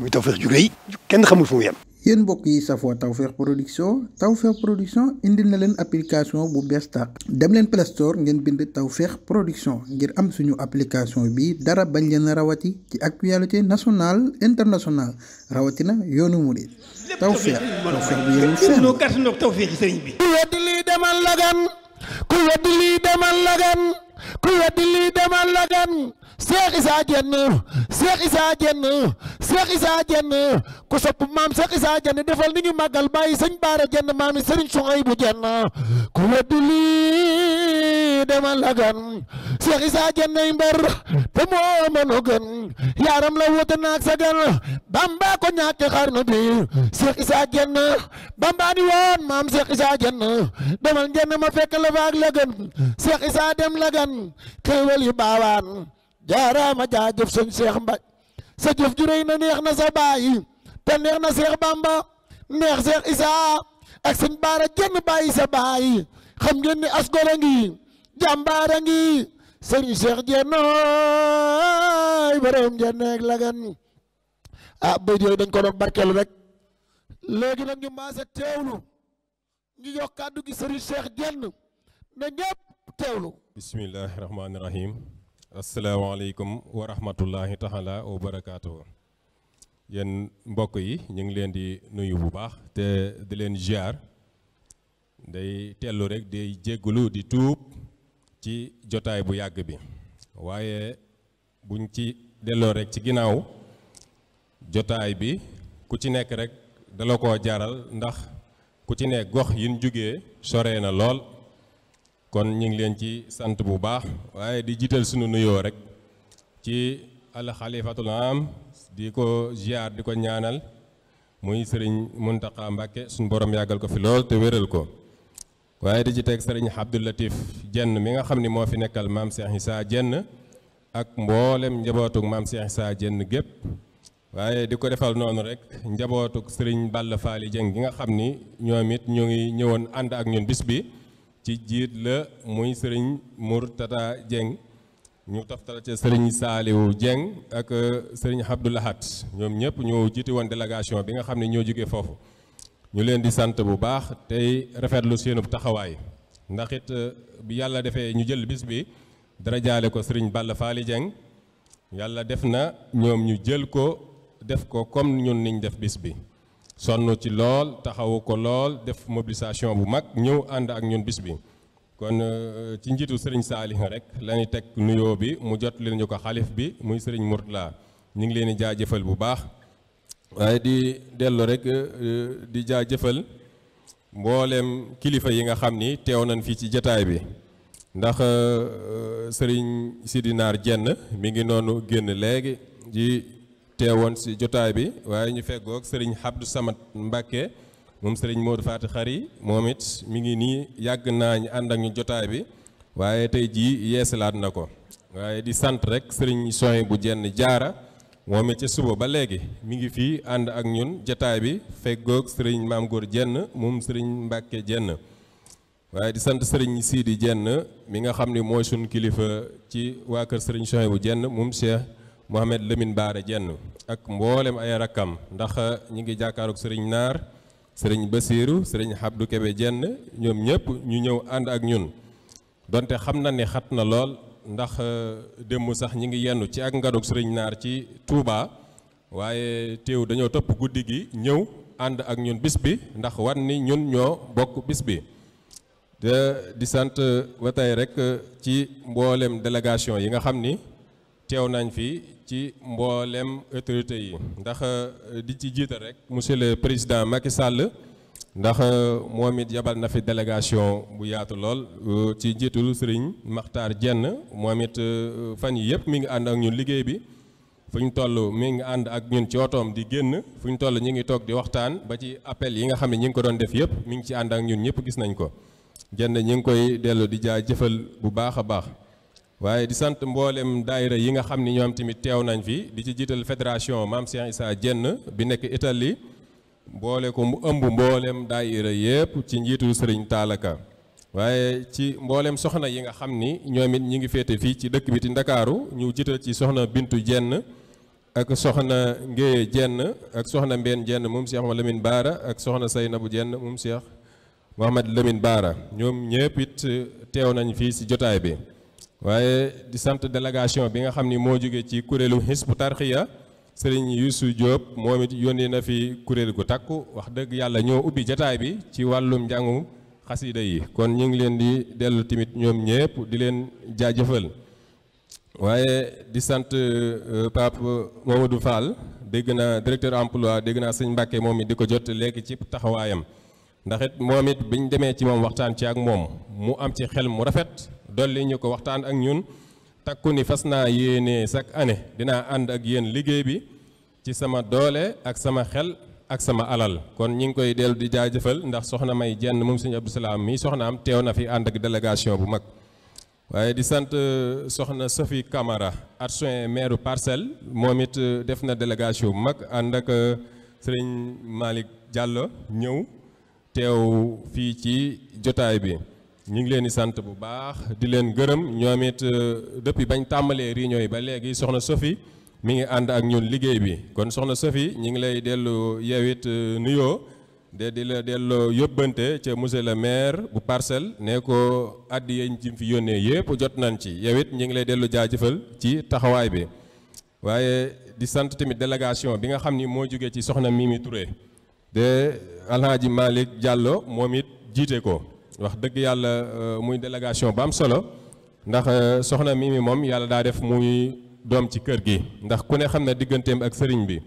muy Tawfekh ju rëy kenn xamul fu mu yem. yéen mbokk yi safoo Tawfekh production Tawfekh production indil na leen application bu bees tàq dem leen Play Store ngeen bind Tawfekh production ngir am suñu application bi dara bañ leen rawati ci actualité nationale internationale rawatina yoonu murid Tawfekh Tawfekh bu yemul fenn. ku lii demal lagan ku weddi lii demal lagan ku weddi lii demal lagan Cheikh Issa Diène Cheikh Issa Diène Cheikh Issa Diène ku sopp maam Cheikh Issa Diène defal ni ñu màggal bàyyi Baara Diène maam yi Serigne Souhaïbou Diène ku weddi lii demal la gan Cheikh Issa Diène ay mbër te moo yaaram la woote naag sa gan Bamba ko ñàkke xarnu bi Cheikh Issa Diène Bamba ni woon maam Cheikh Issa Diène demal Diène ma fekk la faag la gën Cheikh Issa dem la gan xéewal baawaan jaaraama jaajëf sëñ Cheikh Mbaye sa jëf ju na neex na sa bàyyi te neex na Cheikh Bamba neex Cheikh Issa ak sëñ Baara jenn bàyyi sa bàyyi xam ngeen ni asgora ngi jàmbaara ngi sëriñ Cheikh jennooy borom jenneeg lagan ah bëy yooyu dañ ko doon barkeelu rek léegi nag ñu maase teewlu ñu yokk kàddu gi sëriñ Cheikh jenn na ñëpp teewlu bismillahi rahmaani rahim asalaamaaleykum wa rahmatullahi taala wa barakaatu. yéen mbokk yi ñu ngi leen di nuyu bu baax te di leen ziar day tellu rek day jéggulu di tuub ci jotaay bu yàgg bi waaye buñ ci delloo rek ci ginnaaw jotaay bi ku ci nekk rek dala ko jaral ndax ku ci nekk gox yin jóge sore na lool kon ñu ngi leen ci sant bu baax waaye di jiital sunu nuyoo rek ci alxalifatul am di ko ziar di ko ñaanal muy sëriñ Muntaxa Mbàkke suñu borom yàggal ko fi lool te wéral ko waaye di ci teg sëriñ Abdou Latif Jenn mi nga xam ni moo fi nekkal maam Cheikh saa Jenn ak mboolem njabootug maam Cheikh saa Jenn gépp waaye di ko defal noonu rek njabootug sëriñ Balla Faali Jeng gi nga xam ni ñoom it ñu ngi ñëwoon ànd ak ñun bis bi ci jiit la muy sëriñ Mourtada Dieng ñu taftal ca sëriñ Saliou Dieng ak euh, sëriñ Abdou Lahat ñoom ñëpp ñoo jiite woon délégation bi nga xam ne ñoo jógee foofu ñu leen di sant bu baax tey rafetlu seenub taxawaay ndax it euh, bi yàlla defee ñu jël bis bi dara jaale ko sëriñ Balla Faali Dieng yàlla def na ñoom ñu jël ko def ko comme ñun niñ def bis bi sonn ci lool taxawu ko lool def mobilisation bu mag ñëw ànd ak ñun bis bi kon euh, ci njiitu sëriñ Saalih rek la ñu teg nuyoo bi mu jot leen ñu ko xalif bi muy sëriñ Mourtala ñu ngi leen di jëfal bu baax waaye di dellu rek euh, di jaajëfal mboolem kilifa yi nga xam ni teew nañ fii ci jataay bi ndax euh, sëriñ Sidinaar jenn mi ngi noonu génn léegi ji teewoon si jotaay bi waaye ñu feggoog sëriñ Abdou Samad Mbacke moom sëriñ Modou Faty Khary moom it mi ngi nii yàgg naa ñu ànd ak ñu jotaay bi waaye tey jii yeesalaat na ko waaye di sant rek sëriñ soy bu jenn jaara moom ca suba ba léegi mi ngi fii ànd ak ñun jotaay bi feggoog sëriñ maam góor jenn moom sëriñ Mbacke jenn waaye di sant sëriñ Sidi jenn mi nga xam ne mooy suñ kilifa ci waa kër sëriñ soy bu jenn moom Cheikh Mohamed Lamine Baare Jenn ak mboolem ay rakkam ndax ñi ngi jàkkaaroog sëriñ Naar sëriñ Basiiru sëriñ Abdou Kebe Jenn ñoom ñëpp ñu ñëw ànd ak ñun donte xam na ni xat na lool ndax euh, démb sax ñi ngi yenn ci ak ngadoog sëriñ Naar ci Touba waaye teew dañoo topp guddi gi ñëw ànd ak ñun bis bi ndax wan ni ñun ñoo bokk bis bi te di sant euh, ba tey rek euh, ci mboolem délégation yi nga xam ni teew nañ fii ci mboolem autorité yi ndax euh, di ci jiital rek monsieur le président Macky sàll ndax euh, moom it yabal na fi délégation bu yaatu lool euh, ci njiitul Serigne Makhtar jenn moom it fan yi yëpp mu ngi ànd ak ñun liggéey bi fu ñu toll mi ngi ànd ak ñun ci otoom di génn fu ñu toll ñu ngi toog di waxtaan ba ci appel yi nga xam ne ñi ngi ko doon def yëpp mi ngi ci ànd ak ñun ñëpp gis nañ ko jenn ñi ngi koy dellu di jëfal bu baax a baax waaye di sant mboolem daayira yi nga xam ni ñoom tamit teew nañ fi di ci jiital fédération Maam Cheikh Issa jenn bi nekk Italie mboole ko mu ëmb mboolem daayira yépp ci njiitu Serigne Taalaka waaye ci mboolem soxna yi nga xam ni ñoom it ñu ngi féete fii ci dëkk bi ti Ndakaaru ñu jiital ci soxna Bintu jenn ak soxna Ngéye Diène ak soxna Mbène jenn moom Cheikh Mouhamed Lamine Baara ak soxna Seynabou Diène moom Cheikh Mouhamed lemin Baara ñoom ñëpp it teew nañ fii si jotaay bi waaye di sant délégation bi nga xam ni moo jóge ci kuréelu Hizbut Tarqiyyah sëriñ Youssou Diop moom it yónnee na fi kuréel gu takku wax dëgg yàlla ñoo ubbi jataay bi ci wàllum njàngu xasida yi kon ñu ngi leen di dellu tamit ñoom ñëpp di leen jaajëfal waaye di sant euh, Pape Mamadou Fall dégg naa directeur emploi dégg naa sëñ Mbàkke moom it di ko jot léegi ci taxawaayam ndax it moom it biñ demee ci moom waxtaan ci ak moom mu am ci xel mu rafet dolli ñu ko waxtaan ak ñun takku ni fas naa yéene chaque année dinaa ànd ak yéen liggéey bi ci sama doole ak sama xel ak sama alal kon ñi ngi koy dellu di jaajëfal ndax soxna May jenn moom sëñ Abdou Salaam mii soxna am teew na fi ànd ak délégation bu mag waaye di sant euh, soxna Sophie Camara adjoint maire Parcelles moom it euh, def na délégation bu mag ànd ak euh, sëriñ malik Diallo ñëw teew fii ci jotaay bi ñu ngi leen di sant bu baax di leen gërëm ñoom it euh, depuis bañ tàmbalee réunion yi ba léegi soxna Sophie mi ngi ànd ak ñun liggéey bi kon soxna Sophie ñu ngi lay dellu yow it euh, nuyoo de di la delloo yóbbante ca monsieur le maire bu parcelle ne ko addi yañ jim fi yónnee yëpp jot nañ ci yow it ñu ngi lay dellu jëfal ci taxawaay bi waaye di sant tamit délégation bi nga xam ni moo jógee ci soxna Mimi Touré de Alhaji Malick jàlloo moom it jiite ko wax dëgg yàlla euh, muy délégation ba am solo ndax euh, soxna mi mi moom yàlla daa def muy doom ci kër gi ndax ku ne xam na digganteem ak sëriñ bi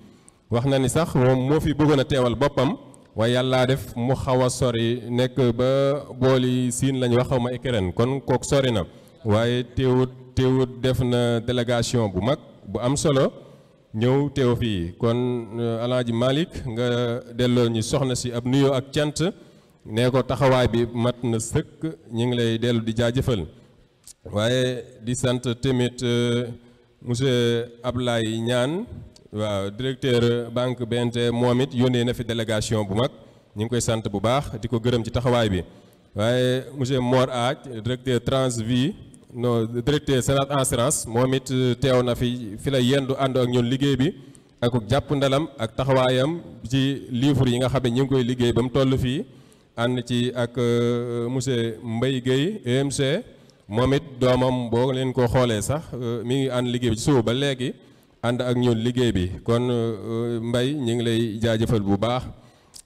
wax na ni sax moom moo fi bëggoon a teewal boppam waaye yàlla def mu xaw a sori nekk ba booli siin lañ wax xaw ma ékeren kon kook sori na waaye teewut teewut def na délégation bu mag bu am solo ñëw teew fii kon euh, alaaji Malick nga delloo ñu soxna si ab nuyoo ak cant nee ko taxawaay bi mat na sëkk ñu ngi lay dellu di jëfal waaye di sant temit tamit euh, monsieur lay ñaan waaw directeur banque BNT moom it yónnee na fi délégation bu mag ñu ngi koy sant bu baax di ko gërëm ci taxawaay bi waaye monsieur moor Aaj directeur Transvie non directeur Sénat assurance moom it euh, teew na fi fi la yendu ànd ak ñun liggéey bi ak jàpp ndalam ak taxawaayam ci livre yi nga xam ne ñu ngi koy liggéey ba mu toll fii ànd ci ak euh, monsieur mbay Gueye EMC moom it doomam boo leen ko xoolee sax euh, mi ngi ànd liggéey bi ci suba ba léegi ànd ak ñun liggéey bi kon euh, mbay ñu ngi lay jaajëfal bu baax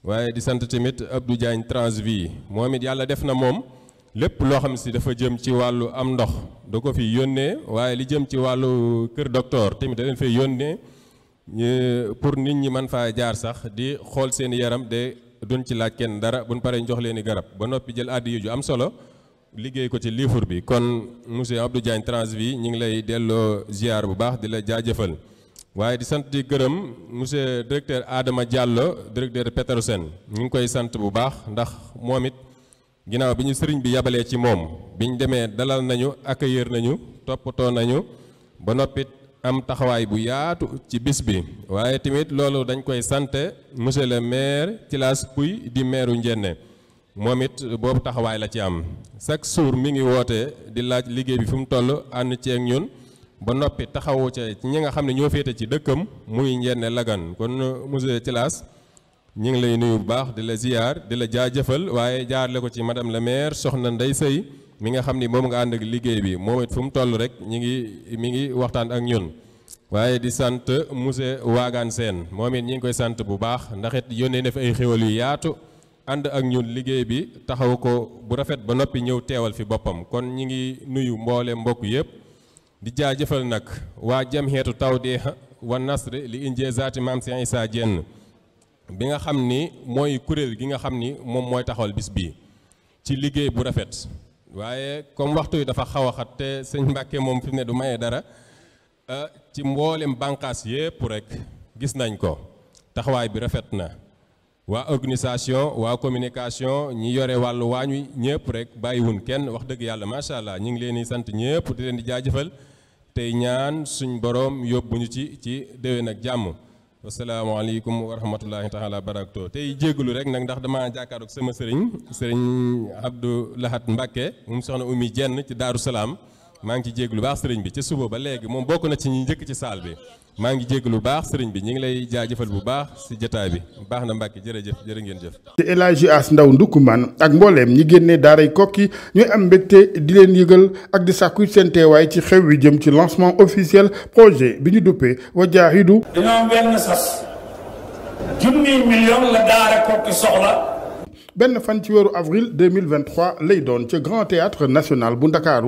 waaye di sant tamit Abdou Diagne Transvie moom it yàlla def na moom lépp loo xam si dafa jëm ci wàllu am ndox da ko fi yónnee waaye li jëm ci wàllu kër docteur tamit da leen fay yónnee pour nit ñi mën faa jaar sax di xool seen yaram de. duñ ci laaj kenn dara buñ paree jox leen i garab ba noppi jël addiya ju am solo liggéey ko ci livre bi kon monsieur Abdou Diagne Transvi ñu ngi lay delloo ziar bu baax di la jaajëfal waaye di sant di gërëm monsieur directeur aadama Diallo directeur Petersen ñu ngi koy sant bu baax ndax moom it ginnaaw bi ñu sëriñ bi yabalee ci moom biñ demee dalal nañu accueillir nañu toppatoo nañu ba noppit am taxawaay bu yaatu ci bis bi waaye tamit loolu dañ koy sant monsieur le maire Thilass kuy di maireu Ndiéné moom it boobu taxawaay la ci am chaque jour mi ngi woote di laaj liggéey bi fi mu toll ànd ceeg ñun ba noppi taxawu ca ñi nga xam ne ñoo féete ci dëkkam muy Ndiéné lagan kon monsieur Thilass ñu ngi lay nuyu baax di la ziyaar di la jaajëfal waaye jaarle ko ci madame le maire soxna Ndeye Seye mi nga xam ni moom nga ànd ak liggéey bi moom it fu toll rek ñi ngi mi ngi waxtaan ak ñun waaye di sant monsieur Wagan Sène moom it ñi ngi koy sant bu baax ndax it yónnee na fi ay xéwal yu yaatu ànd ak ñun liggéey bi taxaw ko bu rafet ba noppi ñëw teewal fi boppam kon ñi ngi nuyu mboole mbokk yëpp di jaajëfal nag waa jamhiyatu tawdih wa nasri li injazati maam Cheikh Issa Diène bi nga xam ni mooy kuréel gi nga xam ni moom mooy taxawal bis bi ci liggéey bu rafet waaye comme waxtu yi dafa xaw a te sëñ Mbàkke moom fi ne du maye dara euh, ci mboolem bànqaas yépp rek gis nañ ko taxawaay bi rafet na waa organisation waa communication ñi yore wàll waañu wi ñëpp rek bàyyiwun kenn wax dëgg yàlla macha allah ñu ngi leen di sant ñëpp di leen di jaajëfal tey ñaan suñ borom boroom ñu ci ci déwén nag jàmm asalaamaaleykum wa rahmatulahi taala barakto tey jégalu rek nag ndax dama jàkkaaroog sama sëriñ sëriñ Abdou Lahat Mbacke mu soxna Oumy Dieng ci Daaru Salaam maa ngi ci jéeglu baax sëriñ bi ca suba ba léegi moom bokk na ci ñi njëkk ci saal bi maa ngi jéeg lu baax sëriñ bi ñu ngi lay jaajëfal bu baax si jotaay bi baax na Mbàkke jërëjëf jërë ngeen jëf te El Hadji ndaw Ndaw man ak mbooleem ñi génnee daaray Koki ñooy am mbégte di leen yëgal ak di sàkku seen teewaay ci xew wi jëm ci lancement officiel projet bi ñu duppee Wajaahidu dañoo benn sas junni million la daara Koki soxla benn fan ci weeru avril 2023 lay doon ca Grand Théâtre National bu Ndakaaru